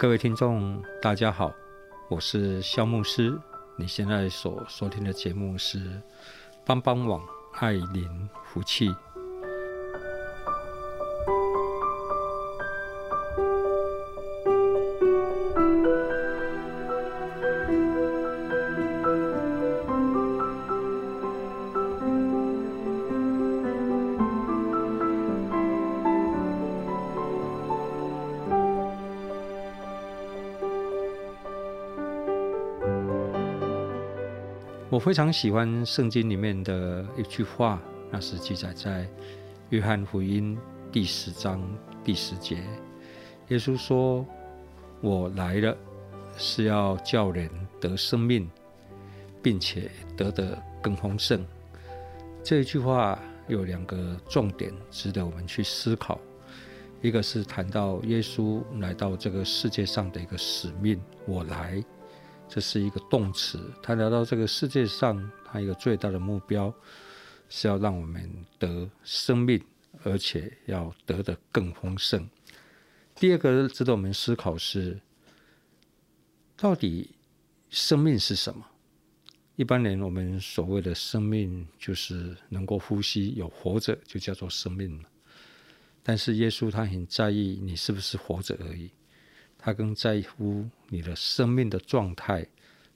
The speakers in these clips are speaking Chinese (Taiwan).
各位聽眾，大家好，我是蕭牧師。你現在所收聽的節目是幫幫網愛鄰福氣。我非常喜歡聖經裡面的一句話，那是記載在約翰福音第十章第十節。耶穌說：“我來了是要叫人得生命，並且得的更豐盛。”這一句話有兩個重點值得我們去思考，一個是談到耶穌來到這個世界上的一個使命，我來。這是一個動詞。他來到這個世界上，他一個最大的目標是要讓我們得生命，而且要得的更豐盛。第二個值得我們思考是，到底生命是什麼？一般人我們所謂的生命，就是能夠呼吸、有活着，就叫做生命了。但是耶穌他很在意你是不是活着而已。他更在乎你的生命的狀態，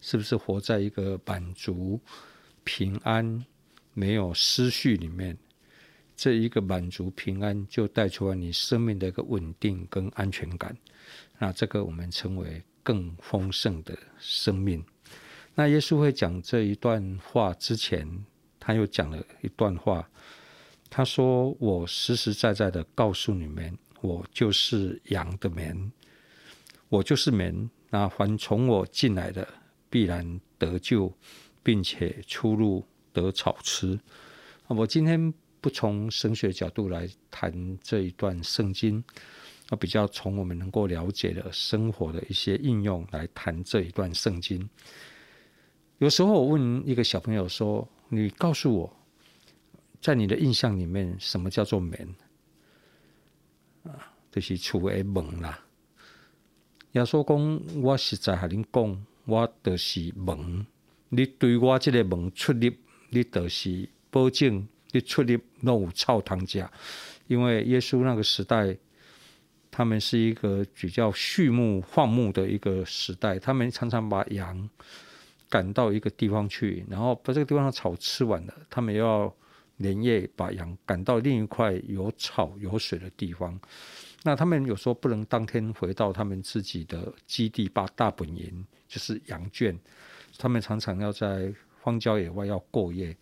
是不是活在一個滿足、平安、沒有思緒裡面？這一個滿足、平安，就帶出來你生命的一個穩定跟安全感。那這個我們稱為更豐盛的生命。那耶穌會講這一段話之前，他又講了一段話。他說：“我實實在在的告訴你們，我就是羊的門。”我就是門，那凡從我進來的，必然得救，並且出入得草吃。我今天不從神學角度來談這一段聖經，我比較從我們能夠了解的生活的一些應用來談這一段聖經。有時候我問一個小朋友說：“你告訴我，在你的印象裡面，什麼叫做門？”這是啊，是楚門啦。耶穌講：“我實在和你講，我就是門。你對我這個門出入，你就是保證你出入有草堂家。因為耶穌那個時代，他們是一個比較畜牧放牧的一個時代，他們常常把羊趕到一個地方去，然後把這個地方的草吃完了，他們又要連夜把羊趕到另一塊有草有水的地方。”那他們有時候不能當天回到他們自己的基地，把大本營就是羊圈，他們常常要在荒郊野外要過夜。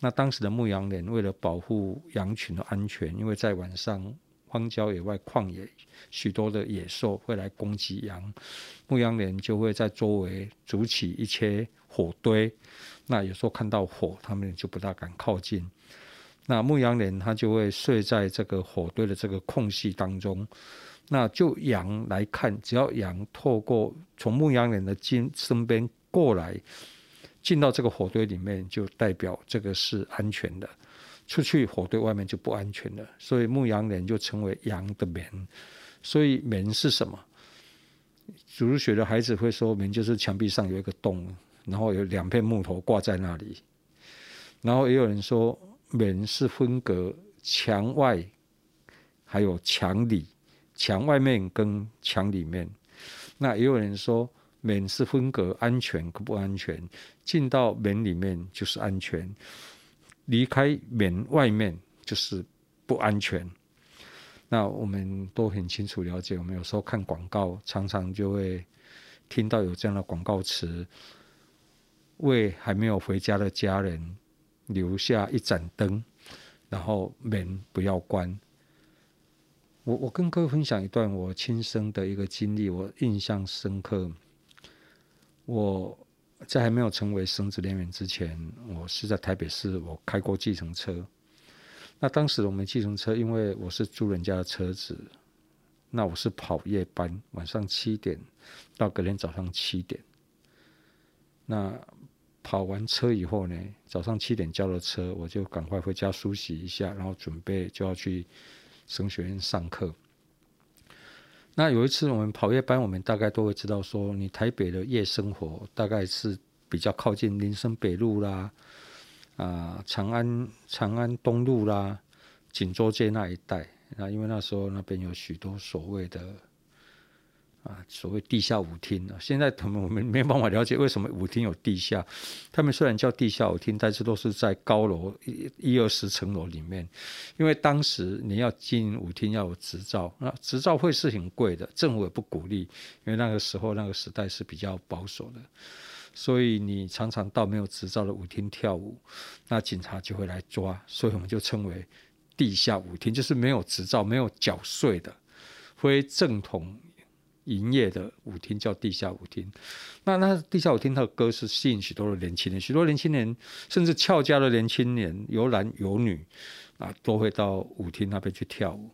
那當時的牧羊人為了保護羊群的安全，因為在晚上荒郊野外曠野，許多的野獸會來攻擊羊，牧羊人就會在周圍築起一些火堆。那有時候看到火，他們就不大敢靠近。那牧羊人他就會睡在這個火堆的這個空隙當中。那就羊來看，只要羊透過從牧羊人的肩身邊過來，進到這個火堆裡面，就代表這個是安全的。出去火堆外面就不安全了。所以牧羊人就稱為羊的門。所以門是什麼？主日學的孩子會說，門就是牆壁上有一個洞，然後有兩片木頭掛在那裡。然後也有人說。門是分隔牆外，還有牆裡，牆外面跟牆裡面。那也有人說，門是分隔安全跟不安全。進到門裡面就是安全，離開門外面就是不安全。那我們都很清楚了解。我們有時候看廣告，常常就會聽到有這樣的廣告詞：為還沒有回家的家人。留下一盞燈，然後門不，不要關。我我跟各位分享一段我親身的一個經歷，我印象深刻。我在還沒有成為神職人員之前，我是在台北市，我開過計程車。那當時我們計程車，因為我是租人家的車子，那我是跑夜班，晚上七點到隔天早上七點。那跑完車以後呢，早上七點交了車，我就趕快回家梳洗一下，然後準備就要去神學院上課。那有一次我們跑夜班，我們大概都會知道說，你台北的夜生活大概是比較靠近林森北路啦，啊、呃，長安長安東路啦，錦州街那一帶。那因為那時候那邊有許多所謂的。啊，所謂地下舞廳啊，現在他們我們沒，沒辦法了解為什麼舞廳有地下。他們雖然叫地下舞廳，但是都是在高樓一一二十層樓裡面。因為當時你要進舞廳要有執照，那執照費是很貴的，政府也不鼓勵，因為那個時候那個時代是比較保守的。所以你常常到沒有執照的舞廳跳舞，那警察就會來抓，所以我們就稱為地下舞廳，就是沒有執照、沒有繳稅的非正統。營業的舞廳叫地下舞廳，那那地下舞廳它的歌是吸引許多的年輕人，許多年輕人甚至翹家的年輕人，有男有女，啊，都會到舞廳那邊去跳舞。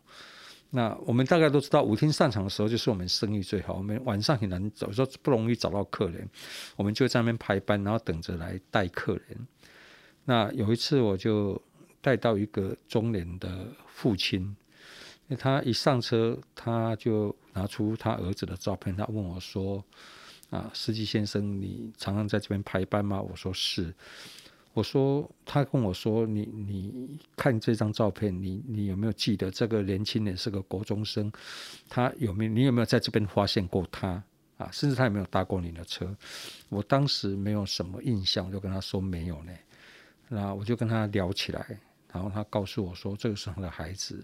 那我們大概都知道，舞廳上場的時候就是我們生意最好，我們晚上很難找，說不容易找到客人，我們就在那邊排班，然後等着來帶客人。那有一次我就帶到一個中年的父親，因為他一上車他就。拿出他兒子的照片，他問我說：“啊，司機先生，你常常在這邊排班嗎？”我說：“是。”我說：“他跟我說，你你看這張照片，你你有沒有記得這個年輕人是個國中生？他有沒有？你有沒有在這邊發現過他？啊，甚至他有沒有搭過你的車？”我當時沒有什麼印象，就跟他說沒有呢。那我就跟他聊起來，然後他告訴我說：“這個是他的孩子。”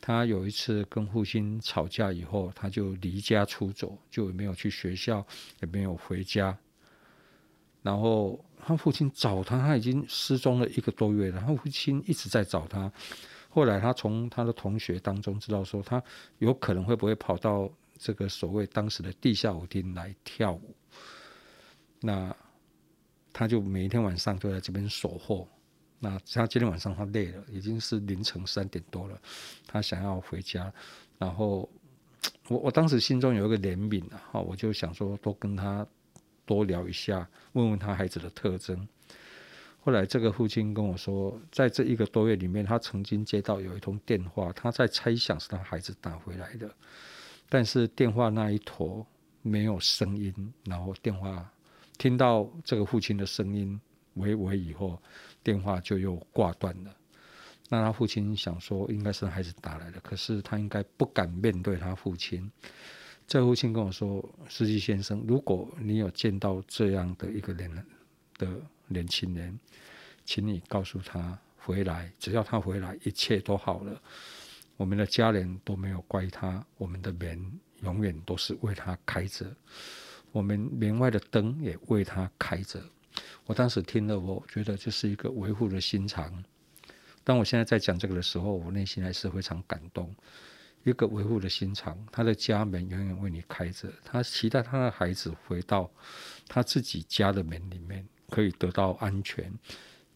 他有一次跟父親吵架以後，他就離家出走，就沒有去學校，也沒有回家。然後他父親找他，他已經失蹤了一個多月了。他父親一直在找他。後來他從他的同學當中知道說，他有可能會不會跑到這個所謂當時的地下舞廳來跳舞。那他就每一天晚上都來這邊守候。那他今天晚上他累了，已經是凌晨三點多了，他想要回家。然後我我當時心中有一個憐憫啊，我就想說多跟他多聊一下，問問他孩子的特徵。後來這個父親跟我說，在這一個多月裡面，他曾經接到有一通電話，他在猜想是他孩子打回來的，但是電話那一頭沒有聲音，然後電話聽到這個父親的聲音，餵餵以後。電話就又掛斷了。那他父親想說，應該是孩子打來的，可是他應該不敢面對他父親。這父親跟我說：“司機先生，如果你有見到這樣的一個人的年輕人，請你告訴他回來，只要他回來，一切都好了。我們的家人都沒有怪他，我們的門永遠都是為他開着，我們門外的燈也為他開着。”我當時聽了，我覺得這是一個維護的心腸。當我現在在講這個的時候，我內心還是非常感動。一個維護的心腸，他的家門永遠為你開着，他期待他的孩子回到他自己家的門裡面，可以得到安全。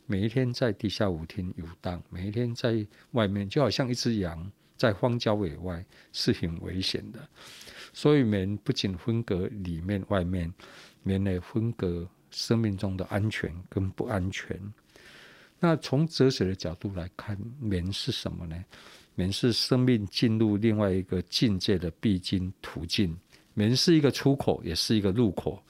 每一天在地下舞廳遊蕩，每一天在外面，就好像一隻羊在荒郊野外，是很危險的。所以門不僅分隔裡面，外面，門也分隔，生命中的安全跟不安全，那從哲學的角度來看，門是什麼呢？門是生命進入另外一個境界的必經途徑，門是一個出口，也是一個入口。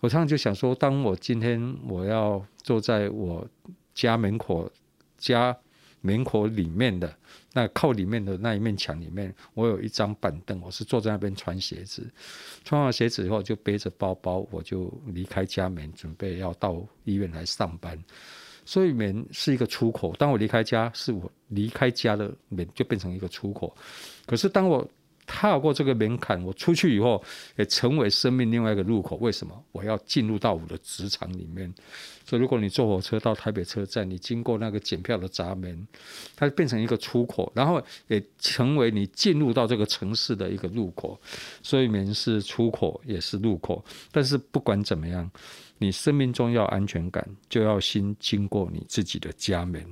我常常就想說，當我今天我要坐在我家門口，家門口裡面的。那靠裡面的那一面牆裡面，我有一張板凳，我是坐在那邊穿鞋子，穿好鞋子以後就背着包包，我就離開家門，準備要到醫院來上班。所以門是一個出口，當我離開家，是我離開家的門就變成一個出口。可是當我踏過這個門檻，我出去以後也成為生命另外一個入口。為什麼我要進入到我的職場裡面？所以，如果你坐火車到台北車站，你經過那個檢票的閘門，它變成一個出口，然後也成為你進入到這個城市的一個入口。所以，門是出口，也是入口。但是，不管怎麼樣，你生命中要安全感，就要先經過你自己的家門。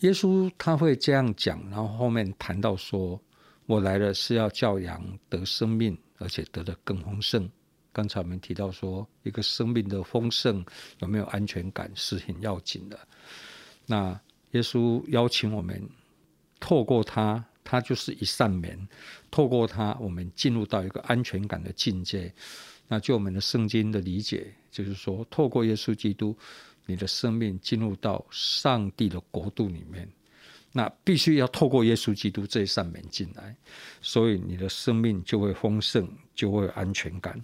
耶穌他會這樣講，然後後面談到說：“我來了是要叫人得生命，而且得的更豐盛。”剛才我們提到說，一個生命的豐盛有沒有安全感是很要緊的。那耶穌邀請我們，透過他，他就是一扇門，透過他，我們進入到一個安全感的境界。那就我們的聖經的理解，就是說，透過耶穌基督。你的生命進入到上帝的國度裡面，那必須要透過耶穌基督這一扇門進來，所以你的生命就會豐盛，就會有安全感。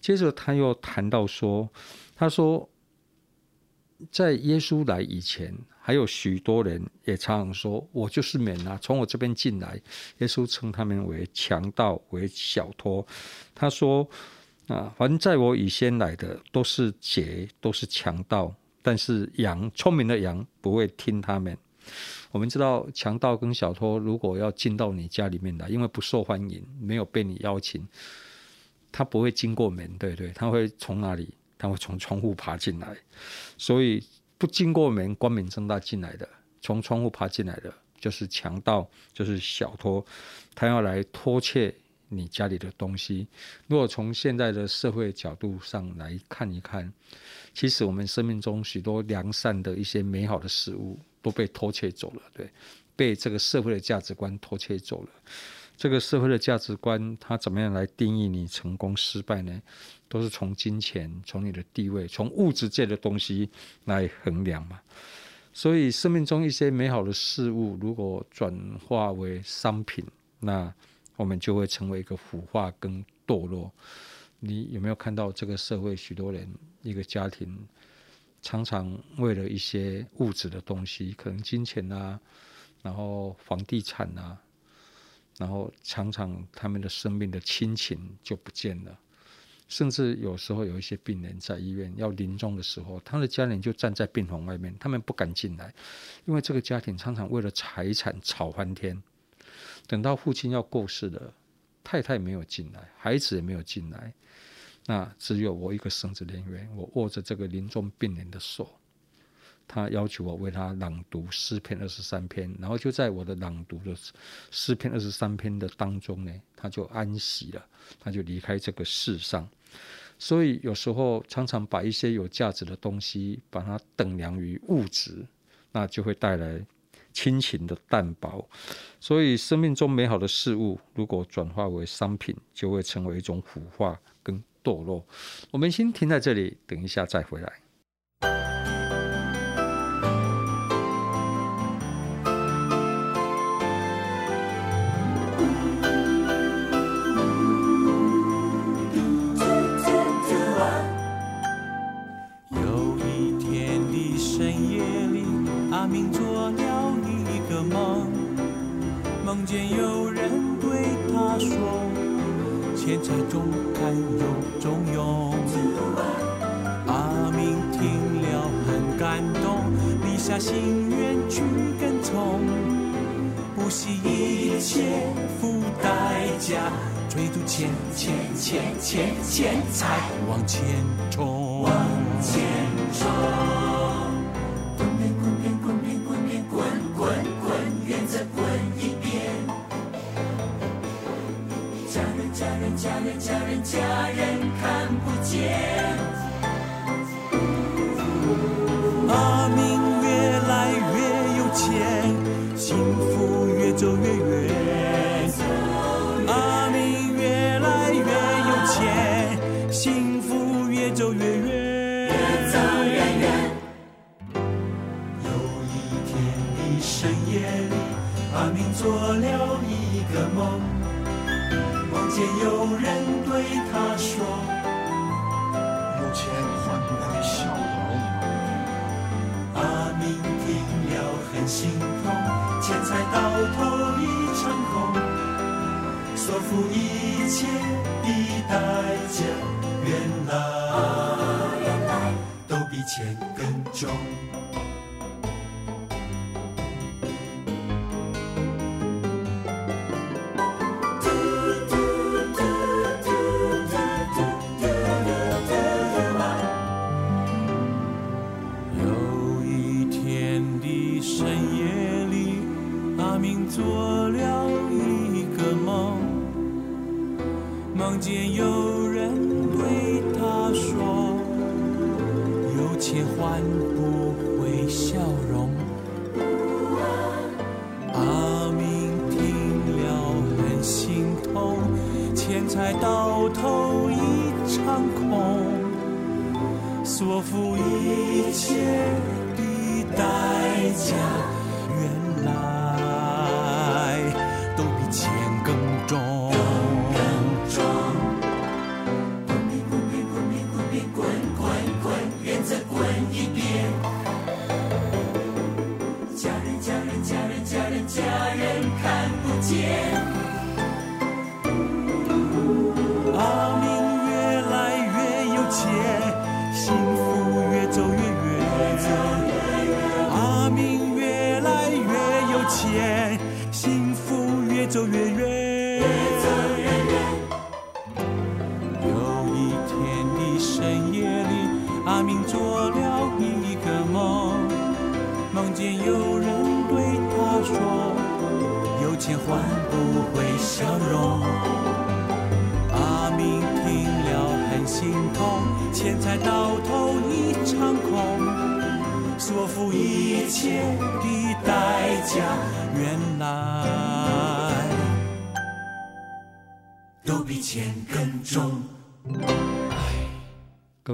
接着他又談到說，他說，在耶穌來以前，還有許多人也常常說：“我就是門啊，從我這邊進來。”耶穌稱他們為強盜，為小偷。他說：“啊，凡在我以先來的，都是賊，都是強盜。”但是羊，聰明的羊不會聽他們。我們知道強盜跟小偷如果要進到你家裡面來，因為不受歡迎，沒有被你邀請，他不會經過門，對不對？他會從哪裡？他會從窗戶爬進來。所以不經過門，光明正大進來的，從窗戶爬進來的，就是強盜，就是小偷，他要來偷竊。你家裡的東西，如果從現在的社會角度上來看一看，其實我們生命中許多良善的一些美好的事物都被偷竊走了，對，被這個社會的價值觀偷竊走了。這個社會的價值觀，它怎麼樣來定義你成功失敗呢？都是從金錢、從你的地位、從物質界的東西來衡量嘛。所以，生命中一些美好的事物，如果轉化為商品，那。我們就會成為一個腐化跟墮落。你有沒有看到這個社會許多人一個家庭常常為了一些物質的東西，可能金錢啊，然後房地產啊，然後常常他們的生命的親情就不見了。甚至有時候有一些病人在醫院要臨終的時候，他的家人就站在病房外面，他們不敢進來，因為這個家庭常常為了財產吵翻天。等到父親要過世了，太太沒有進來，孩子也沒有進來，那隻有我一個神職人員，我握着這個臨終病人的手，他要求我為他朗讀詩篇二十三篇，然後就在我的朗讀的詩篇二十三篇的當中呢，他就安息了，他就離開這個世上。所以有時候常常把一些有價值的東西，把它等量於物質，那就會帶來。親情的淡薄，所以生命中美好的事物，如果轉化為商品，就會成為一種腐化跟墮落。我們先停在這裡，等一下再回來。見有人對他說：“錢財中看又中用。”阿明聽了很感動，立下心願去跟從，不惜一切付代價，追逐錢錢錢錢錢財往前衝，往前衝。心痛，錢財到頭一場空，所付一切的代價，原來，啊，原來都比錢更重。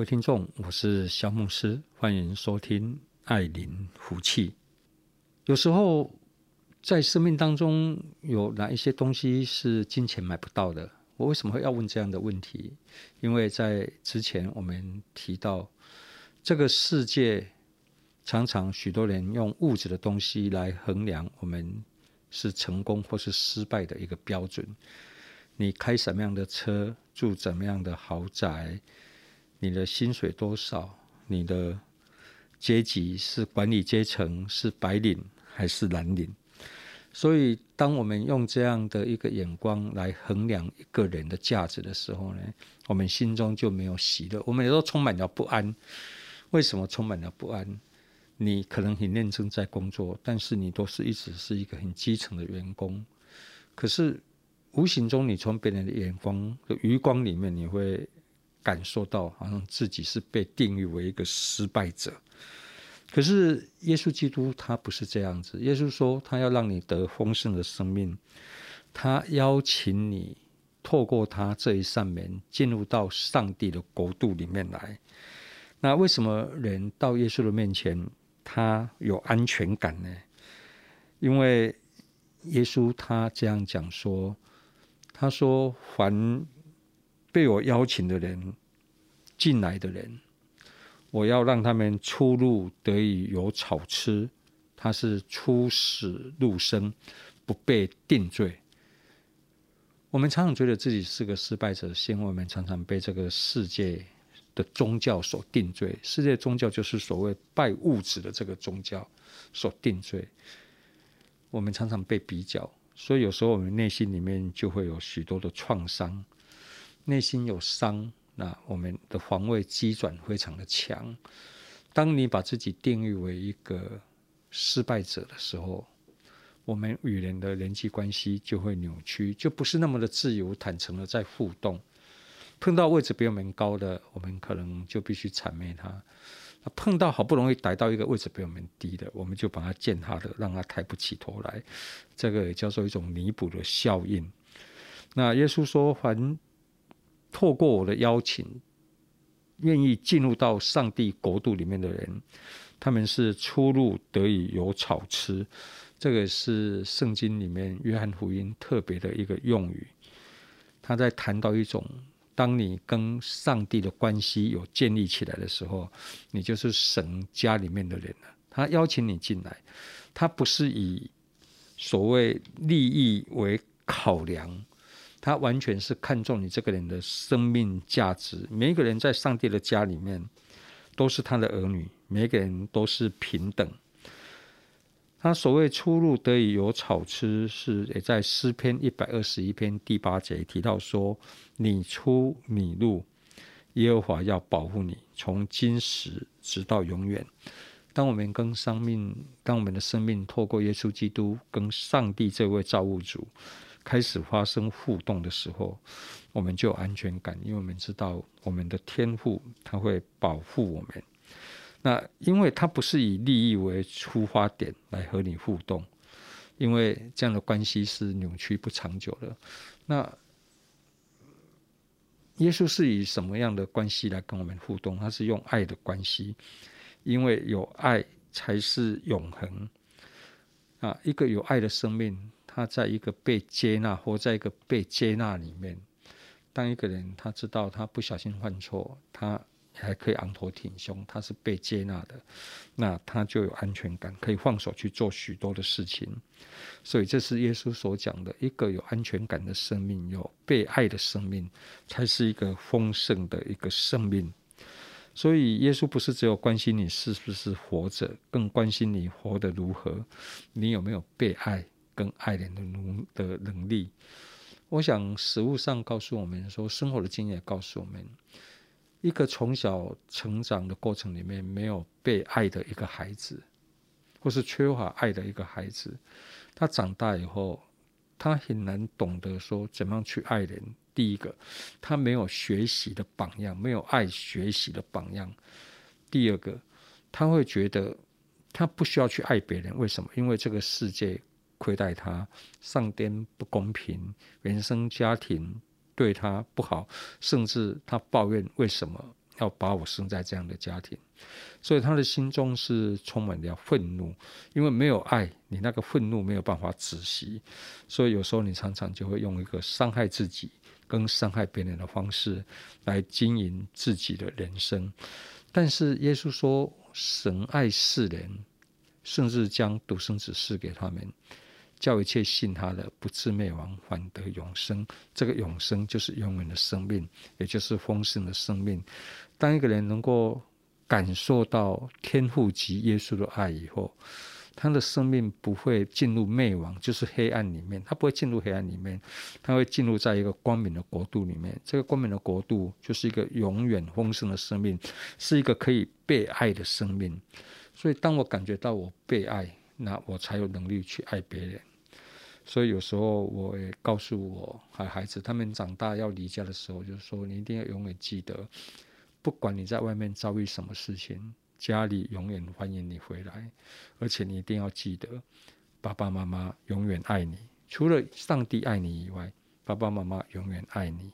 聽眾，我是蕭牧師，歡迎收聽《愛鄰福氣》。有時候在生命當中，有哪一些東西是金錢買不到的？我為什麼會要問這樣的問題？因為在之前我們提到，這個世界常常許多人用物質的東西來衡量我們是成功或是失敗的一個標準。你開什麼樣的車，住怎麼樣的豪宅？你的薪水多少？你的階級是管理階層，是白領還是藍領？所以，當我們用這樣的一個眼光來衡量一個人的價值的時候呢，我們心中就沒有喜樂，我們也都充滿了不安。為什麼充滿了不安？你可能很認真在工作，但是你都是一直是一個很基層的員工。可是，無形中你從別人的眼光的餘光裡面，你會。感受到好像自己是被定義為一個失敗者，可是耶穌基督他不是這樣子。耶穌說他要讓你得豐盛的生命，他邀請你透過他這一扇門進入到上帝的國度裡面來。那為什麼人到耶穌的面前他有安全感呢？因為耶穌他這樣講說，他說凡……被我邀請的人，進來的人，我要讓他們出入得以有草吃，他是出死入生，不被定罪。我們常常覺得自己是個失敗者，因為我們常常被這個世界的宗教所定罪。世界宗教就是所謂拜物質的這個宗教所定罪。我們常常被比較，所以有時候我們內心裡面就會有許多的創傷。內心有傷，那我們的防衛機轉非常的強。當你把自己定義為一個失敗者的時候，我們與人的人際關係就會扭曲，就不是那麼的自由、坦誠的在互動。碰到位置比我們高的，我們可能就必須諂媚他；碰到好不容易逮到一個位置比我們低的，我們就把他踐踏的，讓他抬不起頭來。這個也叫做一種彌補的效應。那耶穌說：“凡……”透過我的邀請，願意進入到上帝國度裡面的人，他們是出入得以有草吃。這個是聖經裡面約翰福音特別的一個用語。他在談到一種，當你跟上帝的關係有建立起來的時候，你就是神家裡面的人了。他邀請你進來，他不是以所謂利益為考量。他完全是看重你這個人的生命價值。每一個人在上帝的家裡面都是他的兒女，每一個人都是平等。他所謂“出入得以有草吃”，是也在詩篇一百二十一篇第八節提到說：“你出你入，耶和華要保護你，從今時直到永遠。”當我們跟生命，當我們的生命透過耶穌基督跟上帝這位造物主，開始發生互動的時候，我們就有安全感，因為我們知道我們的天父他會保護我們。那因為他不是以利益為出發點來和你互動，因為這樣的關係是扭曲不長久的。那耶穌是以什麼樣的關係來跟我們互動？他是用愛的關係，因為有愛才是永恆啊！一個有愛的生命。他在一個被接納，活在一個被接納裡面，當一個人他知道他不小心犯錯，他還可以昂頭挺胸，他是被接納的，那他就有安全感，可以放手去做許多的事情。所以這是耶穌所講的一個有安全感的生命，有被愛的生命，才是一個豐盛的一個生命。所以耶穌不是只有關心你是不是活着，更關心你活得如何，你有沒有被愛。跟愛人的能的能力，我想實務上告訴我們說，生活的經驗也告訴我們，一個從小成長的過程裡面沒有被愛的一個孩子，或是缺乏愛的一個孩子，他長大以後，他很難懂得說怎麼樣去愛人。第一個，他沒有學習的榜樣，沒有愛學習的榜樣；第二個，他會覺得他不需要去愛別人，為什麼？因為這個世界。虧待他，上天不公平，原生家庭對他不好，甚至他抱怨為什麼要把我生在這樣的家庭，所以他的心中是充滿了憤怒，因為沒有愛，你那個憤怒沒有辦法止息，所以有時候你常常就會用一個傷害自己跟傷害別人的方式來經營自己的人生，但是耶穌說，神愛世人，甚至將獨生子賜給他們。叫一切信他的，不至滅亡，反得永生。這個永生就是永遠的生命，也就是豐盛的生命。當一個人能夠感受到天父及耶穌的愛以後，他的生命不會進入滅亡，就是黑暗裡面，他不會進入黑暗裡面，他會進入在一個光明的國度裡面。這個光明的國度就是一個永遠豐盛的生命，是一個可以被愛的生命。所以，當我感覺到我被愛。那我才有能力去愛別人，所以有時候我也告訴我孩子，他們長大要離家的時候，就是說你一定要永遠記得，不管你在外面遭遇什麼事情，家裡永遠歡迎你回來，而且你一定要記得，爸爸媽媽永遠愛你，除了上帝愛你以外，爸爸媽媽永遠愛你。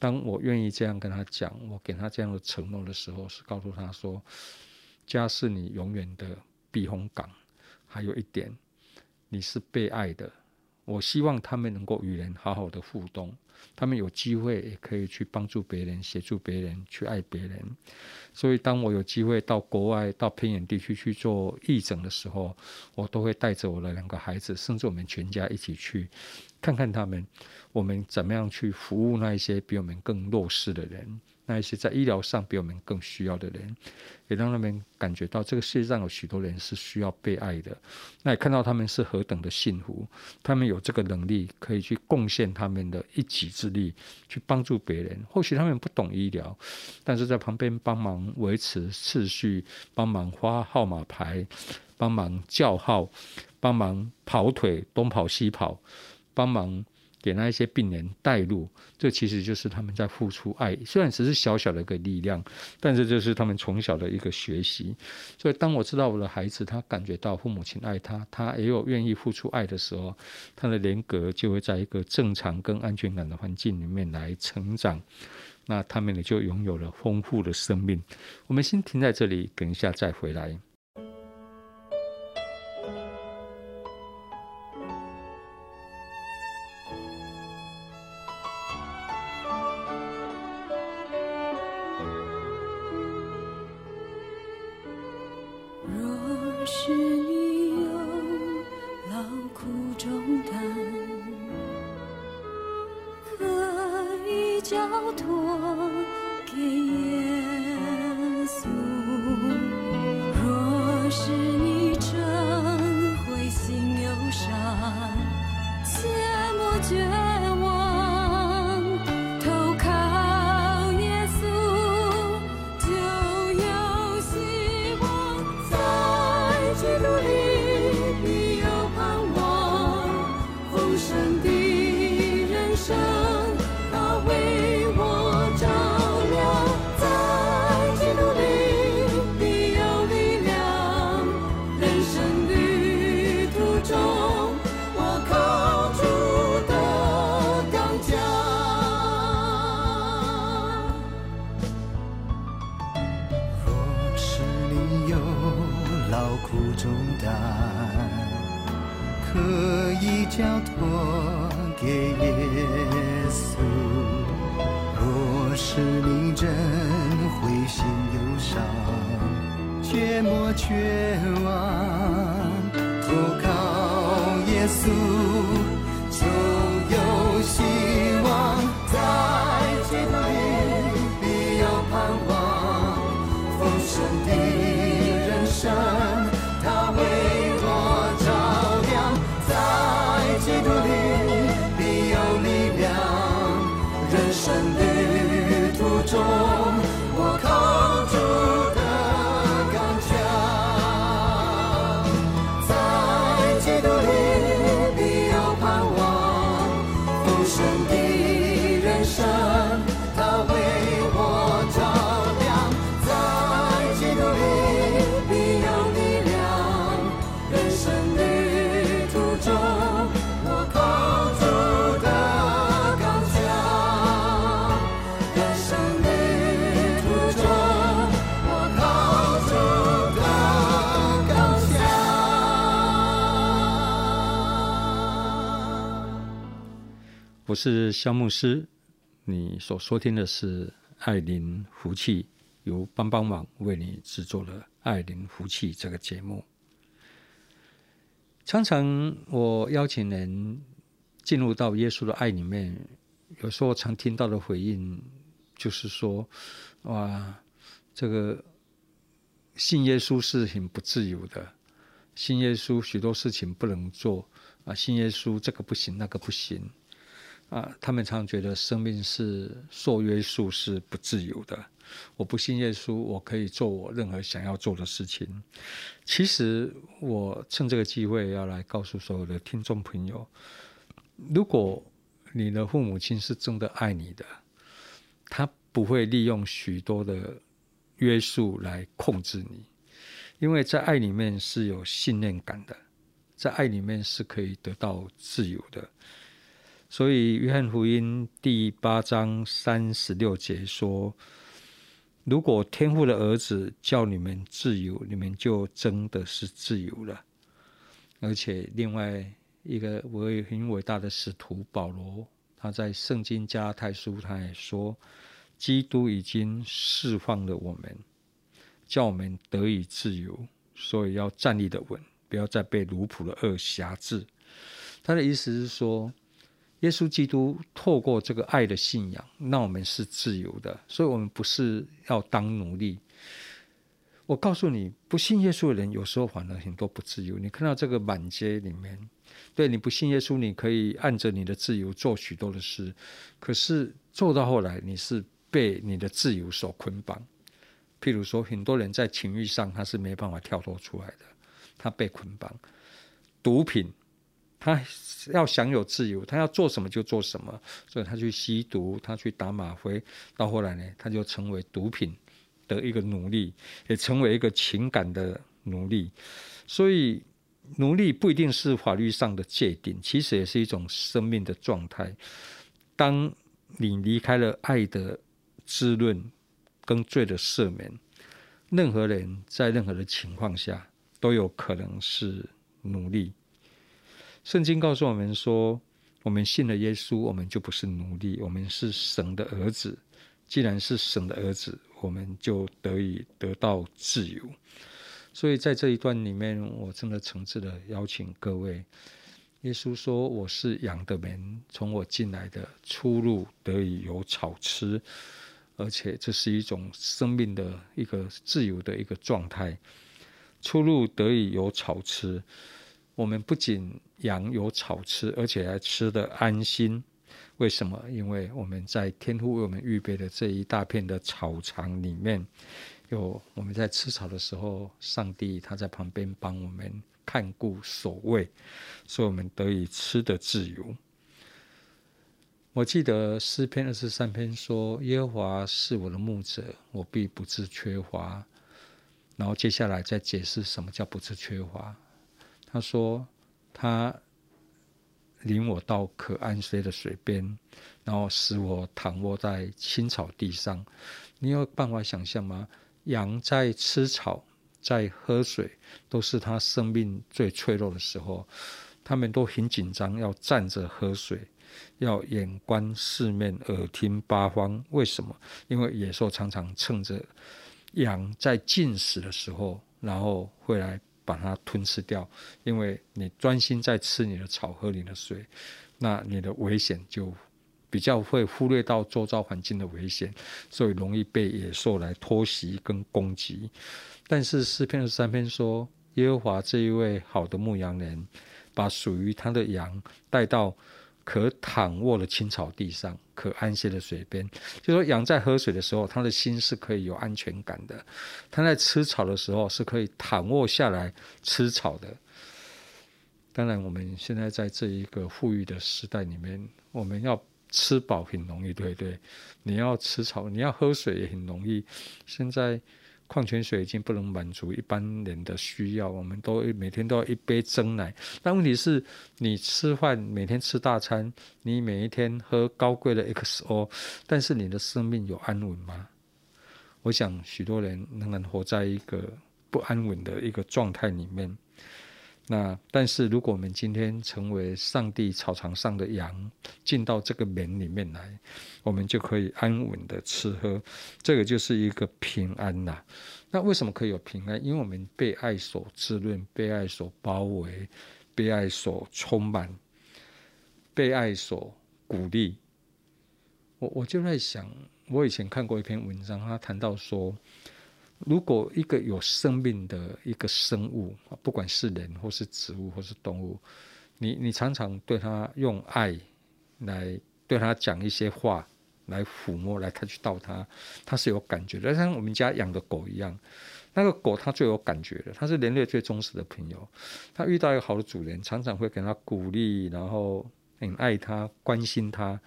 當我願意這樣跟他講，我給他這樣的承諾的時候，是告訴他說，家是你永遠的避風港。還有一點，你是被愛的。我希望他們能夠與人好好的互動，他們有機會也可以去幫助別人、協助別人、去愛別人。所以，當我有機會到國外、到偏遠地區去做義診的時候，我都會帶着我的兩個孩子，甚至我們全家一起去看看他們，我們怎麼樣去服務那一些比我們更弱勢的人。那一些在醫療上比我們更需要的人，也讓他們感覺到這個世界上有許多人是需要被愛的。那也看到他們是何等的幸福，他們有這個能力可以去貢獻他們的一己之力，去幫助別人。或許他們不懂醫療，但是在旁邊幫忙維持秩序，幫忙發號碼牌，幫忙叫號，幫忙跑腿，東跑西跑，幫忙。給那一些病人帶路，這其實就是他們在付出愛。雖然只是小小的一個力量，但這就是他們從小的一個學習。所以，當我知道我的孩子他感覺到父母親愛他，他也有願意付出愛的時候，他的人格就會在一個正常跟安全感的環境裡面來成長。那他們也就擁有了豐富的生命。我們先停在這裡，等一下再回來。我是蕭牧師，你所收聽的是《愛鄰福氣》，由幫幫網為你製作了《愛鄰福氣》這個節目。常常我邀請人進入到耶穌的愛裡面，有時候常聽到的回應就是說：“哇，這個信耶穌是很不自由的，信耶穌許多事情不能做啊，信耶穌這個不行，那個不行。”啊，他們常常覺得生命是受約束，是不自由的。我不信耶穌，我可以做我任何想要做的事情。其實，我趁這個機會要來告訴所有的聽眾朋友，如果你的父母親是真的愛你的，他不會利用許多的約束來控制你，因為在愛裡面是有信念感的，在愛裡面是可以得到自由的。所以，《約翰福音》第八章三十六節說：“如果天父的兒子叫你們自由，你們就真的是自由了。”而且，另外一個我也很偉大的使徒保羅，他在《聖經·加拉太書》他也說：“基督已經釋放了我們，叫我們得以自由，所以要站立得穩，不要再被奴僕的軛挾制。”他的意思是說。耶穌基督透過這個愛的信仰，那我們是自由的，所以，我們不是要當奴隸。我告訴你，不信耶穌的人，有時候反而很多不自由。你看到這個滿街裡面，對，你不信耶穌，你可以按着你的自由做許多的事，可是做到後來，你是被你的自由所捆綁。譬如說，很多人在情欲上，他是沒辦法跳脫出來的，他被捆綁。毒品。他要享有自由，他要做什麼就做什麼，所以他去吸毒，他去打嗎啡，到後來呢，他就成為毒品的一個奴隸，也成為一個情感的奴隸。所以，奴隸不一定是法律上的界定，其實也是一種生命的狀態。當你離開了愛的滋潤跟罪的赦免，任何人在任何的情況下都有可能是奴隸。聖經告訴我們說，我們信了耶穌，我們就不是奴隸，我們是神的兒子。既然是神的兒子，我們就得以得到自由。所以在這一段裡面，我真的誠摯地邀請各位。耶穌說：“我是羊的門，從我進來的出入得以有草吃，而且這是一種生命的一個自由的一個狀態。出入得以有草吃。”我們不僅羊有草吃，而且還吃得安心。為什麼？因為我們在天父為我們預備的這一大片的草場裡面，有我們在吃草的時候，上帝他在旁邊幫我們看顧守衛，所以我們得以吃的自由。我記得詩篇二十三篇說：“耶和華是我的牧者，我必不致缺乏。”然後接下來再解釋什麼叫不致缺乏。他說：“他領我到可安歇的水邊，然後使我躺臥在青草地上。你有辦法想象嗎？羊在吃草，在喝水，都是它生命最脆弱的時候。它們都很緊張，要站着喝水，要眼觀四面，耳聽八方。為什麼？因為野獸常常趁着羊在進食的時候，然後會來。”把它吞噬掉。因為你專心在吃你的草，喝你的水，那你的危險就比較會忽略到周遭環境的危險，所以容易被野獸來偷襲跟攻擊。但是詩篇的三篇說，耶和華這一位好的牧羊人，把屬於他的羊帶到，可躺臥的青草地上，可安歇的水邊。就是說，羊在喝水的時候，他的心是可以有安全感的；他在吃草的時候，是可以躺臥下來吃草的。當然，我們現在在這一個富裕的時代裡面，我們要吃飽很容易，對不對？你要吃草，你要喝水也很容易。現在。礦泉水已經不能滿足一般人的需要，我們都每天都要一杯蒸奶。但問題是，你吃飯每天吃大餐，你每一天喝高貴的 XO，但是你的生命有安穩嗎？我想許多人仍然活在一個不安穩的一個狀態裡面。那但是如果我們今天成為上帝草場上的羊，進到這個門裡面來，我們就可以安穩的吃喝，這個就是一個平安吶、啊。那為什麼可以有平安？因為我們被愛所滋潤，被愛所包圍，被愛所充滿，被愛所鼓勵。我我就在想，我以前看過一篇文章，他談到說，如果一個有生命的一個生物，不管是人或是植物或是動物，你你常常對他用愛來對他講一些話，來撫摸來開去逗他，他是有感覺的，就像我們家養的狗一樣，那個狗它最有感覺的，它是人類最忠實的朋友，它遇到一個好的主人，常常會給他鼓勵，然後很愛他關心他，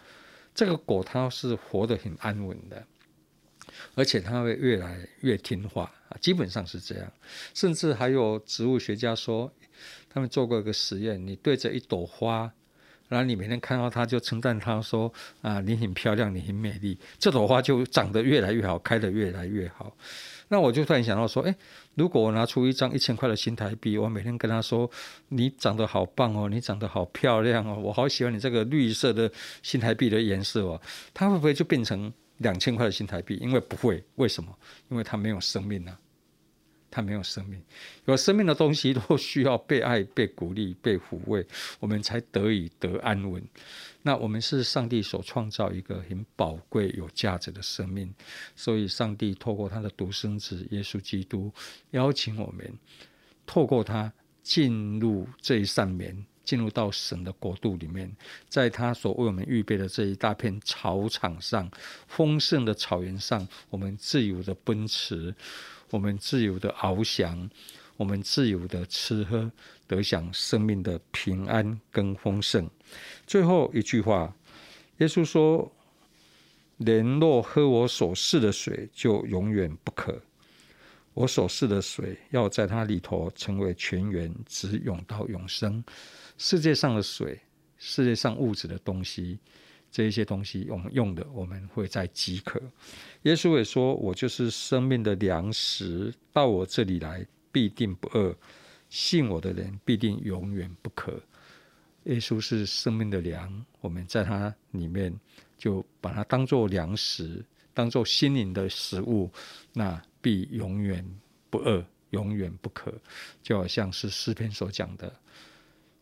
這個狗它是活得很安穩的。而且他會越來越聽話啊，基本上是這樣。甚至還有植物學家說，他們做過一個實驗，你對着一朵花，然後你每天看到它就稱讚它說，說啊，你很漂亮，你很美麗，這朵花就長得越來越好，開得越來越好。那我就突然想到說，誒、欸，如果我拿出一張一千塊的新台幣，我每天跟他說，你長得好棒哦，你長得好漂亮哦，我好喜歡你這個綠色的新台幣的顏色哦，它會不會就變成？兩千塊的新台幣，因為不會，為什麼？因為它沒有生命呢、啊？它沒有生命，有生命的東西都需要被愛、被鼓勵、被撫慰，我們才得以得安穩。那我們是上帝所創造一個很寶貴、有價值的生命，所以上帝透過他的獨生子耶穌基督，邀請我們透過他進入這一扇門。進入到神的國度裡面，在他所為我們預備的這一大片草場上，豐盛的草原上，我們自由的奔馳，我們自由的翱翔，我們自由的吃喝，得享生命的平安跟豐盛。最後一句話，耶穌說：“人若喝我所賜的水，就永遠不渴。”我所賜的水，要在它裡頭成為泉源，直湧到永生。世界上的水，世界上物質的東西，這一些東西用用的，我們會再飢渴。耶穌也說：“我就是生命的糧食，到我這裡來，必定不餓；信我的人，必定永遠不渴。”耶穌是生命的糧，我們在它裡面就把它當做糧食，當做心靈的食物。那。必永遠不餓，永遠不渴，就好像是詩篇所講的。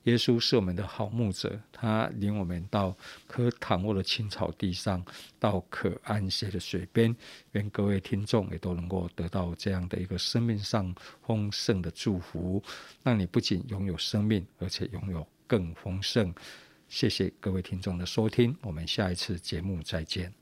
耶穌是我們的好牧者，他領我們到可躺臥的青草地上，到可安歇的水邊。願各位聽眾也都能夠得到這樣的一個生命上豐盛的祝福，讓你不僅擁有生命，而且擁有更豐盛。謝謝各位聽眾的收聽，我們下一次節目再見。